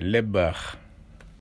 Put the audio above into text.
le baax